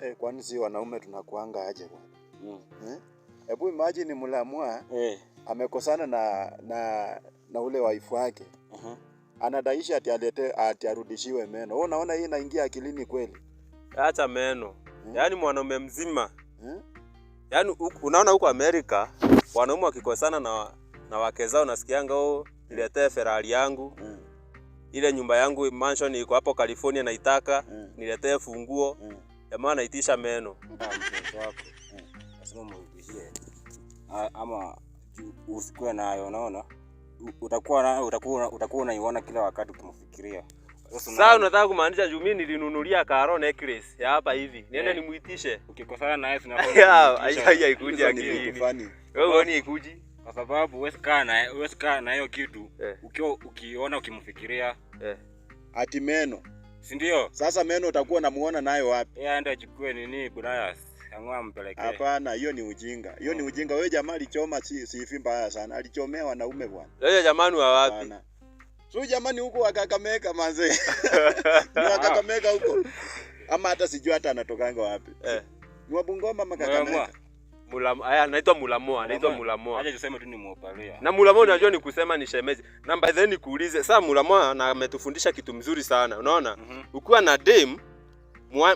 Eh, kwani si wanaume tunakuanga aje bwana? Mm. Eh? Hebu imagine mlamwa eh, amekosana na na na ule waifu wake. Uh -huh. Anadaisha ati alete ati arudishiwe meno. Wewe unaona hii inaingia akilini kweli? Acha meno. Hmm. Yaani mwanaume mzima. Hmm? Yaani unaona huko Amerika wanaume wakikosana na na wake zao nasikianga oh, niletee Ferrari yangu. Mm. Ile nyumba yangu mansion iko hapo California naitaka, mm. niletee funguo. Hmm jamaa anaitisha meno eh, lazima muitishie ama usikuwe nayo, unaona utakuwa utakuwa utakuwa unaiona kila wakati ukimfikiria. Sasa unataka kumaanisha juu mimi nilinunulia Karo necklace ya hapa hivi. Niende eh. nimuitishe. Ukikosana naye tunakwenda ya tunakuwa. ikuji akili Wewe uone ikuji. Kwa sababu wewe sikaa na wewe sikaa na hiyo kitu eh. ukiona ukimfikiria. Ati meno si ndio? Sasa meno utakuwa unamuona nayo wapi? Yeye aende achukue nini Bonus ang'oa ampelekee. Hapana, hiyo ni ujinga, hiyo ni mm. ujinga. Wewe jamaa alichoma si sifi mbaya sana, alichomea wanaume bwana. Wewe jamani wa wapi? Su jamani huko akakameka manze. ni akakameka huko. Ama hata sijui hata anatokanga wapi. Eh. Ni wa Bungoma makakameka. Mulamoa. Haya anaitwa Mulamoa, anaitwa Mulamoa. Acha tuseme Na Mulamoa unajua ni kusema ni shemezi. Na by the nikuulize, sasa Mulamoa na ametufundisha kitu mzuri sana. Unaona? Mm -hmm. Ukiwa na dem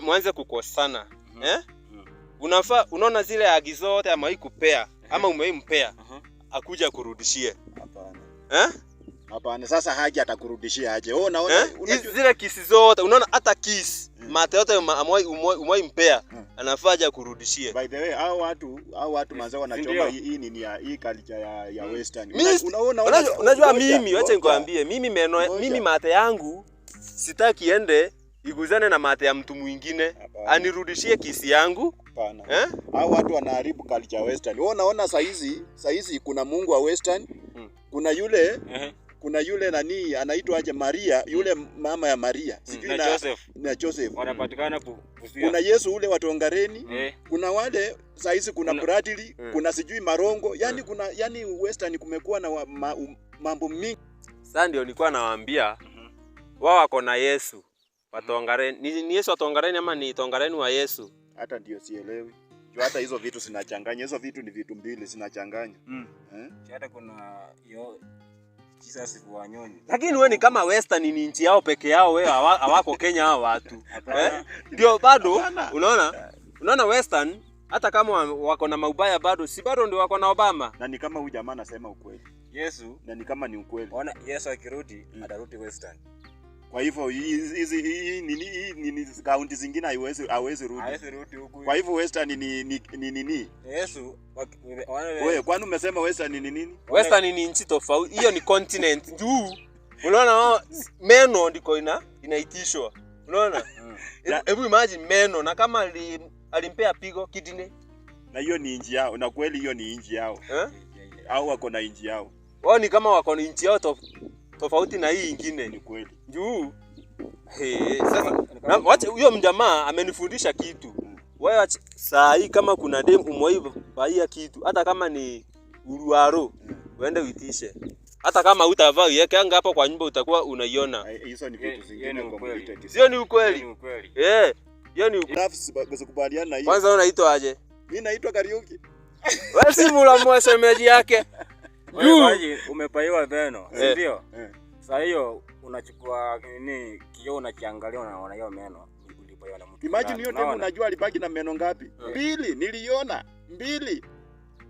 mwanze kukosana. Mm -hmm. Eh? Mm -hmm. Unafaa unaona zile agi zote mhm. ama ikupea ama umeimpea. Mm -hmm. Akuja kurudishie. Hapana. Eh? sasa haja atakurudishia aje? Wewe unaona eh? Unajua... zile kisi zote, unaona hata kiss. Mm. Mate yote umwai umwai umo, anafaa ja kurudishie. By the way, hao watu hao watu mazao wanachoma hii nini ya hii culture ya, ya hmm. western. Unaona, unajua mimi, wacha nikwambie, mimi meno mimi mate yangu sitaki ende iguzane na mate ya mtu mwingine anirudishie kisi yangu. Hapana. Eh? Hao watu wanaharibu culture western. Wewe unaona saa hizi, saa hizi kuna Mungu wa western. Hmm. Kuna yule uh eh. -huh kuna yule nani anaitwa aje Maria, yule mm. mama ya Maria mm. sijui mm, na, na Joseph, na Joseph. wanapatikana kusia. Kuna Yesu ule wa Tongareni mm. kuna wale saa hizi kuna, Bradley mm. kuna sijui Marongo yani mm. kuna yani western kumekuwa na wa, ma, um, mambo mingi. Sasa ndio nilikuwa nawaambia mm -hmm. wao wako na Yesu wa mhm. Tongareni ni, ni Yesu wa Tongareni ama ni Tongareni wa Yesu? Hata ndio sielewi juu hata hizo vitu sinachanganya, hizo vitu ni vitu mbili sinachanganya mm. eh? hata kuna yo lakini we ni kama western ni nchi yao peke yao, we hawako Kenya hao watu eh? ndio eh? Bado unaona, unaona western hata kama wako na maubaya bado si bado ndio wako na Obama, na ni kama huyu jamaa anasema ukweli Yesu, na ni kama ni ukweli. Ona Yesu akirudi mm. atarudi western. Kwa hivyo hizi hii nini kaunti zingine haiwezi hawezi rudi. Hawezi rudi huko Kwa hivyo Western ni ni ni nini? Yesu wewe kwani umesema Western ni nini? Western ni nchi tofauti. Hiyo ni continent. Juu. Unaona meno ndiko ina inaitishwa. Unaona? Mm. Hebu imagine meno na kama alimpea pigo kidney. Na hiyo ni nchi yao. Na kweli hiyo ni nchi yao. Eh? Au wako na nchi yao. Wao ni kama wako na nchi yao tofauti tofauti na hii ingine. Ni kweli juu he, sasa na, wacha huyo mjamaa amenifundisha kitu wewe. Saa hii kama kuna dem umwaivaia kitu, hata kama ni uruaro, uende uitishe hata kama utavaa yake anga hapo kwa nyumba utakuwa unaiona. Eh, hizo ni vitu zingine kwa kweli. Sio ni ukweli. Eh. Hiyo ni nafsi basi kubaliana hiyo. Kwanza unaitwa aje? Mimi naitwa Kariuki. Wewe si mula mwa semeji yake. umepaiwa veno, eh, si ndio? Eh. Sasa hiyo unachukua nini kioo unakiangalia unaona hiyo meno. Imagine hiyo time unajua alibaki na meno ngapi? Eh. Mbili, niliona mbili.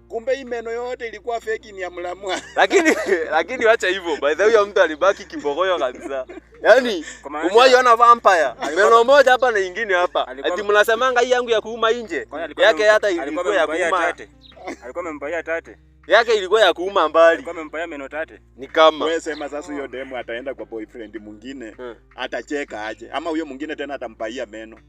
Kumbe hii meno yote ilikuwa feki ni ya mlamwa. Lakini lakini wacha hivyo. By the way, mtu alibaki kibogoyo kabisa. Yaani umwaje ana vampire. Meno moja hapa na nyingine hapa. Ati mnasemanga hii yangu ya kuuma nje. Yake hata ilikuwa ya kuuma. Alikuwa amembaia tate. yake ilikuwa ya kuuma mbali. Kama mpaya meno tate. Ni kama. Wewe sema sasa hiyo demu ataenda kwa boyfriend mwingine, hmm. Atacheka aje? Ama huyo mwingine tena atampaia meno.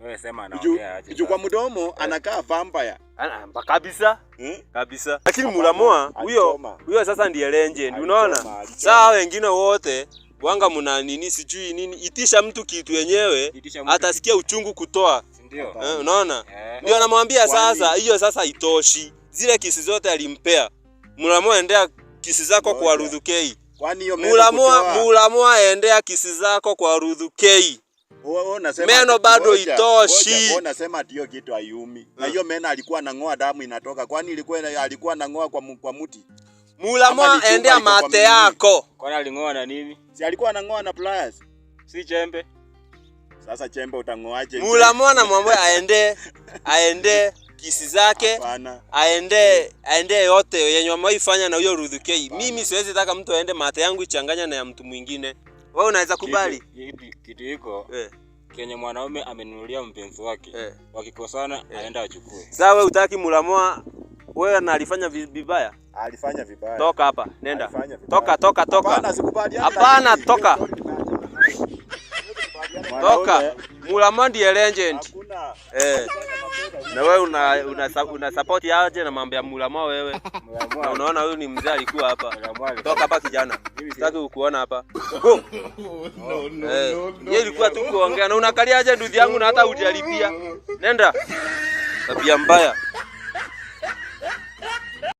Wewe sema anaongea aje? Juu kwa mdomo yeah. Anakaa vampire. Ana kabisa. Hmm? Kabisa. Lakini mulamoa huyo huyo sasa ndiye legend, unaona? Saa wengine wote wanga mna nini sijui nini, itisha mtu kitu yenyewe atasikia uchungu kutoa. Ndio. Eh, unaona? Eh. Ndio anamwambia sasa hiyo sasa itoshi zile kisi zote alimpea. mulamua endea kisi zako kwa Rudhukei. Mulamoa mulamua endea kisi zako kwa Rudhukei. Meno bado moja, itoshi. Mbona nasema ndio kitu ayumi. Hmm. Na eh. hiyo meno alikuwa anang'oa damu inatoka. Kwani ilikuwa alikuwa anang'oa kwa, kwa muti. Mulamoa endea mate yako. Kwani aling'oa na nini? Si alikuwa anang'oa na pliers. Si chembe. Sasa chembe utang'oaje? mulamua na mwambwe aende aende kisi zake aende aende yote yenye wameifanya na huyo Ruthukei. Mimi siwezi taka mtu aende mate yangu ichanganya na ya mtu mwingine. Wewe unaweza kubali kitu hiko eh? Kenye mwanaume amenunulia mpenzi wake eh, wakikosana eh, aenda achukue. Sasa wewe utaki mulamoa wewe na alifanya vibaya, alifanya vibaya. Toka hapa, nenda, toka toka toka. Hapana, sikubali. Hapana, toka toka Mulamandi ya legend eh. Na wewe una, una, una support aje na mambo ya Mulama wewe? Na unaona huyu ni mzee alikuwa hapa. Toka hapa kijana. Sitaki ukuona hapa. Go. No, no, eh, no, no, yeye ilikuwa tu kuongea na unakalia aje ndugu yangu na hata hujalipia. Nenda. Tabia mbaya.